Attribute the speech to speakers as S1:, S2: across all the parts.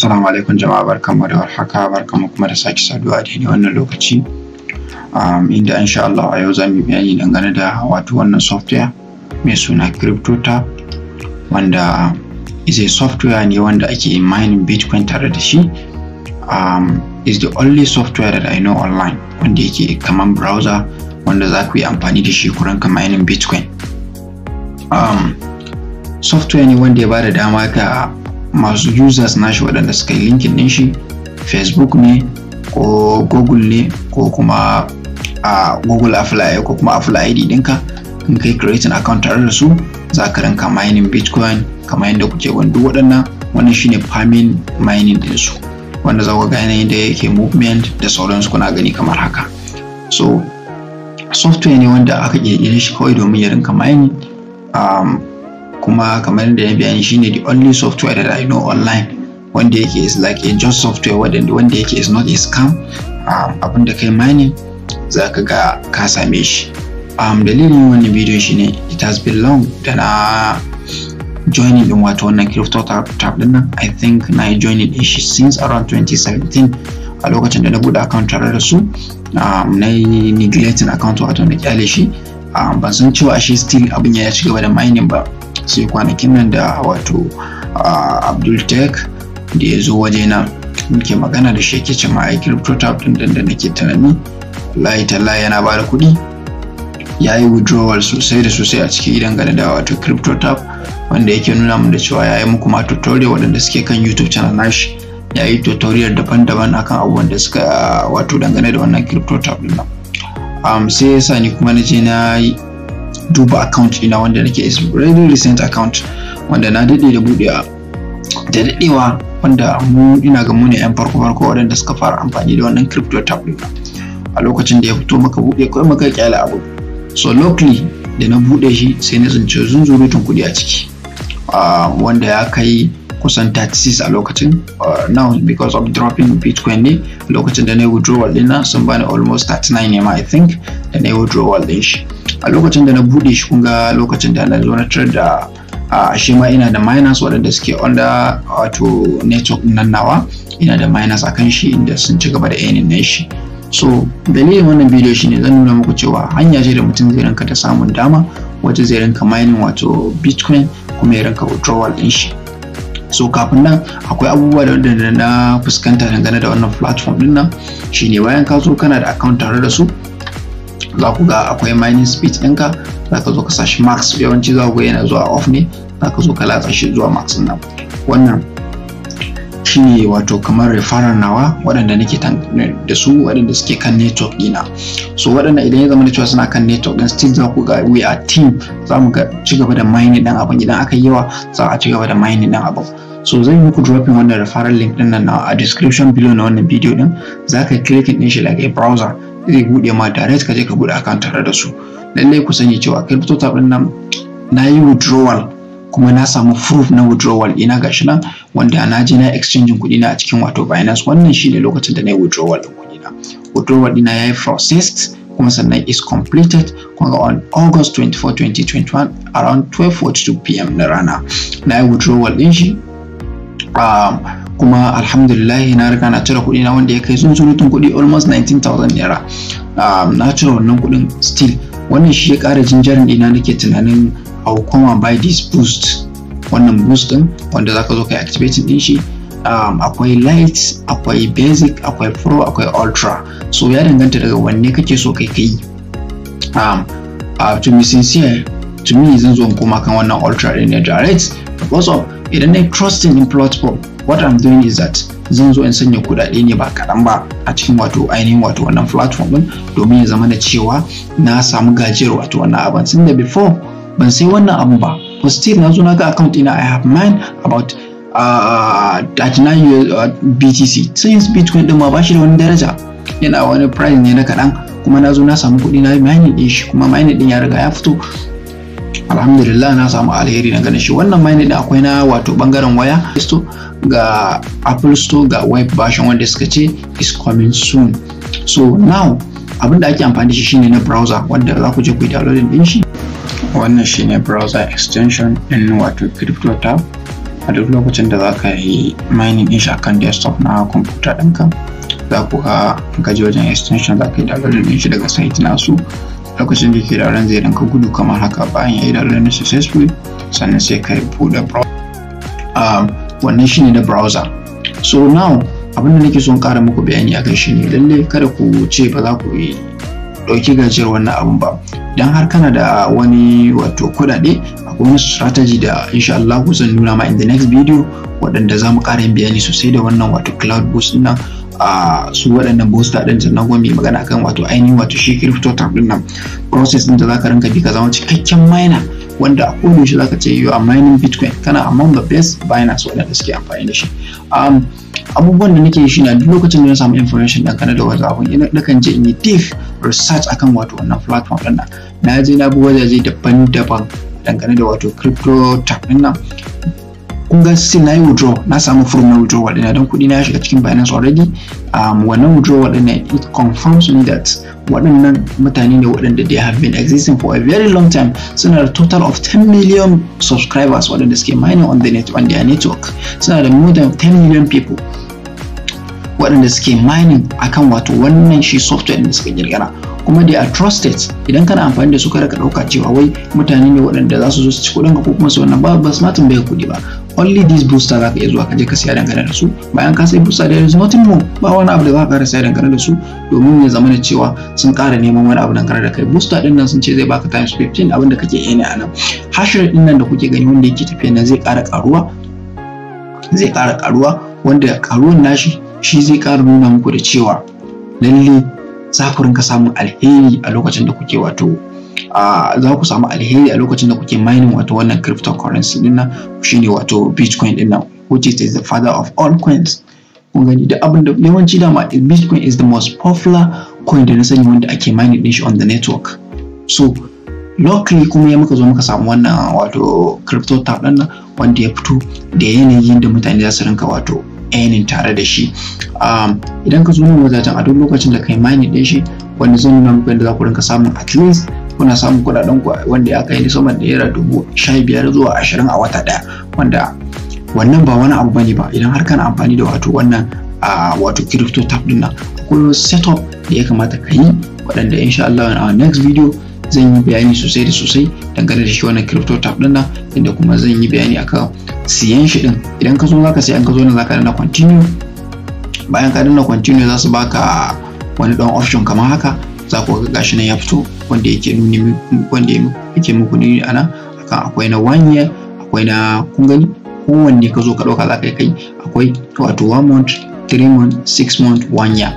S1: Assalamu alaikum jama'a barkanmu da warhaka barkanmu kuma da sake saduwa a daidai wannan lokaci um, inda insha Allah a yau zamu mu bayani dangane da wato wannan software mai suna CryptoTab wanda is a software ne wanda ake mining Bitcoin tare da shi um, is the only software that I know online wanda yake kaman browser wanda za ku yi amfani da shi kuran ka mining Bitcoin um, software ne wanda ya ba da dama ga masu users na shi waɗanda suka yi linkin ɗin shi facebook ne ko google ne ko kuma a google affiliate ko kuma affiliate id ɗinka in kai creating account tare da su za ka ranka mining bitcoin kamar yadda kuke wani waɗannan wannan shine farming mining su wanda za ku ga yanayin da yake movement da sauransu kuna gani kamar haka so software ne wanda aka ƙirƙire shi kawai domin ya rinka mining um, kuma kamar da ya bayani shine the only software that I know online wanda yake is like a just software wanda yake is not a scam um, abin da kai mining za ka ga ka same shi um, dalilin wannan bidiyo shine it has been long da na joining din wato wannan crypto tab din nan I think na joining din shi since around 2017 a lokacin da na buɗe account tare da su um, na yi neglecting account wato na kyale shi Ah, ban san cewa shi still abin ya ci gaba da mining ba sai kwanakin nan da wato ah, abdul tech da ya zo waje na muke magana da shi ce ma ai crypto tap din da nake tunani layi talla yana ba da kuɗi ya yi withdrawal sosai da sosai a cikin gidan gane da wato crypto tap wanda yake nuna min da cewa ya yi muku ma tutorial waɗanda suke kan youtube channel nashi ya yi tutorial daban-daban akan abubuwan da suka ah, wato dangane da wannan crypto tap din nan um, sai yasa ni kuma na je na duba account ina wanda nake is really recent account wanda na daɗe da buɗewa da daɗewa wanda mu ina ga mu ne yan farko farko waɗanda suka fara amfani da wannan crypto tab a lokacin da ya fito maka buɗe kawai maka kyale abu so locally da na buɗe shi sai na tsinci tun kuɗi a ciki ah, wanda ya kai kusan 36 a lokacin uh, now because of dropping bitcoin ne lokacin da na yi withdrawal dina sun bani almost 39 ne ma i think da na yi withdrawal din shi a lokacin da na bude shi kunga lokacin da na zo na da a uh, shi ma ina da minus waɗanda suke under wato uh, network nan nawa ina da minus akan shi inda sun ci gaba da earning na shi so dalilin wannan bidiyo shi ne zan nuna muku cewa hanya ce da mutum zai rinka ta samun dama wacce zai rinka mining wato bitcoin kuma ya rinka withdrawal din shi so kafin nan akwai abubuwa da na fuskanta dangane da wannan platform din nan shine bayan ka zo kana da account tare da su za ku ga akwai mining speed ɗinka za ka zo ka sashi max yawanci za ku yana zuwa off ne za ka zo ka latsa shi zuwa max nan wannan shine wato kamar referral nawa waɗanda nake da su waɗanda suke kan network dina so waɗanda idan ya zama da cewa suna kan network ɗin still za ku ga we are team za mu ga ci gaba da mine din abin idan aka yi yawa za a ci gaba da mine din abin so zan yi muku dropping wannan referral link din nan a description below na wannan bidiyo ɗin za ka click din ɗin shi like a browser zai buɗe ma direct ka je ka buɗe account tare da su lallai ku sani cewa crypto tab ɗin nan na yi withdrawal kuma na samu proof na withdrawal ina gashi nan wanda na je na exchange kuɗi na a cikin wato Binance wannan shine lokacin da na yi withdrawal din kuɗi na withdrawal ɗina yayi processed kuma sannan is completed kuma on August 24 2021 around 12:42 pm na rana na yi withdrawal din shi um, kuma alhamdulillah na riga na cire kuɗi na wanda ya kai sun surutun kuɗi almost 19,000 naira um, na cire wannan kuɗin still wannan shi ya ƙara jinjarin ɗina nake tunanin koma by this boost wannan boost din wanda zaka zo kai activating din shi um, akwai light akwai basic akwai pro akwai ultra so ya danganta daga wanne kake so kai kai um, uh, to be sincere to me zan zo koma kan wannan ultra din ne direct because of idan na trusting in platform what i'm doing is that zan zo in sanya kudade ne ba kaɗan ba a cikin wato ainihin wato wannan platform din domin ya zama da cewa na samu gajiyar wato wannan abin tun before ban sai wannan abu ba but still na zo na ga account ina i have mine about uh, 39 uh, btc since bitcoin din ma ba shi da wani daraja yana wani price ne na kaɗan kuma na zo na samu kuɗi na mining din shi kuma mining din ya riga ya fito alhamdulillah na samu alheri na ganin shi wannan mining din akwai na wato bangaren waya ga apple store ga web version wanda suka ce is coming soon so now abin da ake amfani da shi shine na browser wanda za ku je ku yi downloading din shi wannan shine browser extension in wato crypto tab a duk lokacin da za ka yi mining in shi akan desktop na computer ɗinka za ku ga gaji wajen extension za ka yi download shi daga site nasu lokacin da ke ran zai rinka gudu kamar haka bayan ya yi download successfully sannan sai ka yi buɗe ah, wannan shine da browser so now abin da nake son kara muku bayani shi shine lalle kada ku ce ba za ku yi ɗauki gajiyar wannan abun ba idan har kana da wani wato kuɗaɗe akwai wani strategy da insha Allah zan nuna ma in the next video waɗanda za mu ƙara yin bayani sosai da wannan wato cloud boost nan su waɗannan booster ɗin sannan kuma mai magana kan wato ainihin wato shi crypto tab ɗin nan process ɗin da za ka rinka bi ka zama cikakken miner wanda a shi za ka ce yiwu a mining bitcoin kana among the best binance waɗanda suke amfani da shi um, abubuwan da nake shi na duk lokacin da na samu information dangane da wasu abu ina kan je in yi deep research akan wato wannan platform din na je na bi wajaje daban-daban dangane da wato crypto tap din nan kun ga still na yi withdraw na samu proof na withdraw waɗanda don kuɗi na ya shiga cikin Binance already um, wannan withdraw waɗanda it confirms me that waɗannan mutane ne waɗanda they have been existing for a very long time suna da total of 10 million subscribers waɗanda suke mining on, the net, on their network suna da more than 10 million people waɗanda suke mining akan wato wannan shi software da suka girgara. kuma they are trusted idan kana amfani da su kada ka ɗauka cewa wai mutane ne waɗanda za su zo su ci kuɗin ka ko kuma su wannan ba ba su ma tambaye kuɗi ba only this booster za ka iya zuwa ka je ka siya dangane da su bayan ka sai booster there is nothing more ba wani abu da za ka ƙara siya dangane da su domin ya zama da cewa sun ƙara neman wani abu dangane da kai booster din nan sun ce zai baka times 15 abin da kake iya ne a nan hash rate din nan da kuke gani wanda yake tafiya nan zai ƙara ƙaruwa zai ƙara ƙaruwa wanda ƙaruwan nashi shi zai ƙara nuna muku da cewa lalle za ka rinka samun alheri a lokacin da kuke wato za ku samu alheri a lokacin da kuke mining wato wannan cryptocurrency din nan shine wato bitcoin din nan which is the father of all coins kun gani da abin da yawanci dama eh, bitcoin is the most popular coin da na sani wanda ake mining din shi on the network so locally kuma ya muka zo muka samu wannan wato crypto ta din nan wanda ya fito da yanayin da mutane za su rinka wato ainin tare da shi um, idan ka zo nan wajajen a duk lokacin da kai mining din shi wanda zan nuna muku yadda za ku rinka samun at least kuna samun kudaden ku wanda ya kai sama da naira dubu sha biyar zuwa ashirin a wata daya. wanda wannan ba wani abu bane ba idan har kana amfani da wato wannan a wato crypto tab din nan akwai setup da ya kamata ka yi waɗanda insha Allah a next video zan yi bayani sosai da sosai dangane da shi wannan crypto tab din nan inda kuma zan yi bayani akan siyan shi din idan ka zo zaka sai an ka zo nan zaka continue bayan ka danna continue za su baka wani dan option kamar haka za ku ga gashi nan ya fito wanda yake nuni wanda yake muku nuni ana akan akwai na wanya, akwai na kun gani kowanne ka zo ka ɗauka za ka kai akwai wato one month three month six month one year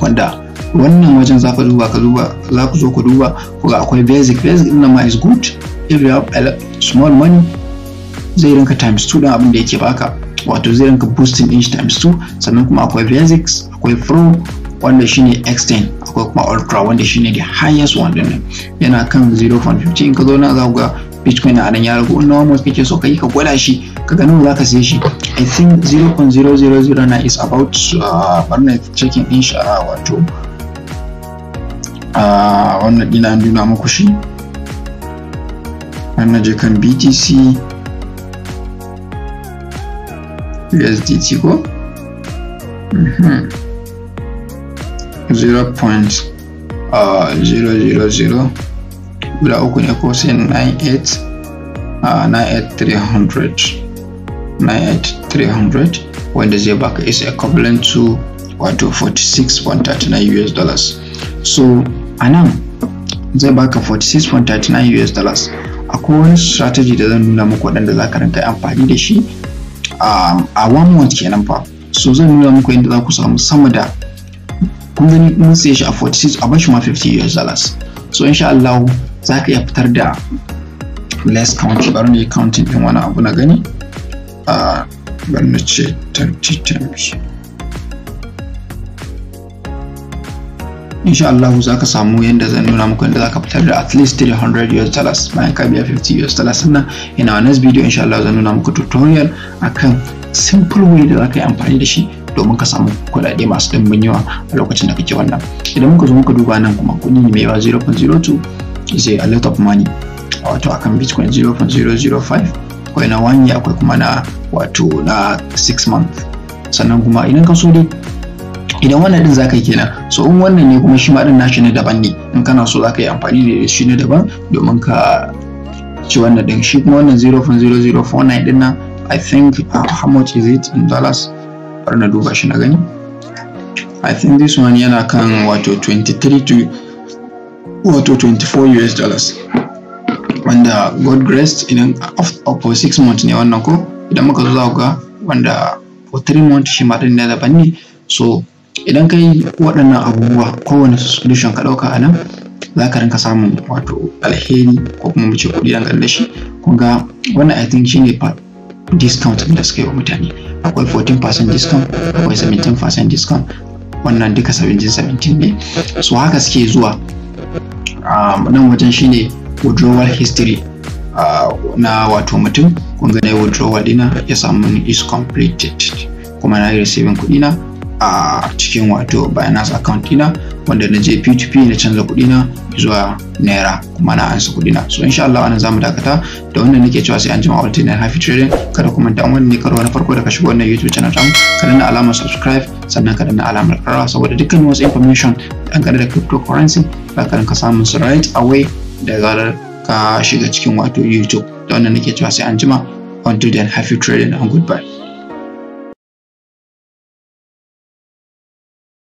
S1: wanda wannan wajen za ka duba ka duba za ku zo ku duba ko akwai basic basic ɗin ma is good if you have small money zai rinka times two din abin da yake baka wato zai rinka boosting inch times 2 sannan kuma akwai basics akwai pro wanda shine X10 akwai kuma Ultra wanda shine the highest one din yana kan 0.15 ka zo na za ga Bitcoin na nan ya ragu in nawa mai kake so kai ka gwada shi ka ga nawa zaka siye shi I think 0.000 na is about uh, bar na checking din shi a uh, wato a uh, wannan dina nuna muku shi na je kan BTC USDT ko? Mm-hmm. zero point uh, zero zero, zero guda uku ne ko sai eight uh, three hundred, wanda zai baka is equivalent to wato forty-six point thirty-nine US dollars so anan zai baka forty-six point thirty-nine US dollars akwai wani strategy da zan nuna muku waɗanda za ka rinka amfani da shi um, a one month kenan fa so zan nuna muku yadda za ku samu sama da kun gani mun siya shi a 46 a bashi ma 50 US dollars so insha Allah za ka iya fitar da less count bari ne counting din wani abu na gani a bari na ce 30 times insha Allah za ka samu yadda zan nuna muku yadda za ka fitar da at least 300 US dollars bayan ka biya 50 US dollars sannan ina a next video insha Allah zan nuna muku tutorial akan simple way da za ka yi amfani da shi domin ka samu kuɗaɗe masu ɗimbin yawa a lokacin da kake wannan idan muka zo muka duba nan kuma kuɗi ne mai yawa 0.02 zai a lot of money wato akan bitcoin 0.005 akwai na one year akwai kuma na wato na 6 month sannan kuma idan ka so dai idan wannan din zaka yi kenan so in wannan ne kuma shi ma din nashi ne daban ne in kana so zaka yi amfani da shi ne daban domin ka ci wannan din shi kuma wannan 0.0049 din nan i think uh, how much is it in dollars bar na duba shi na gani i think this one yana kan wato 23 to wato 24 us dollars wanda god grace idan for 6 months ne wannan ko idan muka zo za ga wanda for 3 months shi ma din na daban ne so idan kai waɗannan abubuwa kowane solution ka ɗauka a nan za ka rinka samun wato alheri ko kuma mu ce kuɗi an da shi kun ga wannan i think shine discount da suka yi wa mutane akwai 14% discount akwai 17% discount wannan duka 17-17 ne so haka suke zuwa um, nan wajen shine withdrawal history uh, na wato mutum kun ga na withdrawal dina ya samu is completed kuma na yi receiving kudina a uh, cikin wato binance account dina wanda na je p2p na canza kuɗi na zuwa naira kuma na ansa kuɗi na so insha Allah anan zamu dakata da wannan nake cewa sai an jima all na trading kada kuma manta wannan ne karo na farko da ka shigo wannan youtube channel ɗin ka danna alamar subscribe sannan ka danna alamar karawa saboda dukkan wasu information dangane da cryptocurrency za ka samu samun su right away da zarar ka shiga cikin wato youtube da wannan nake cewa sai an jima until then happy trading and goodbye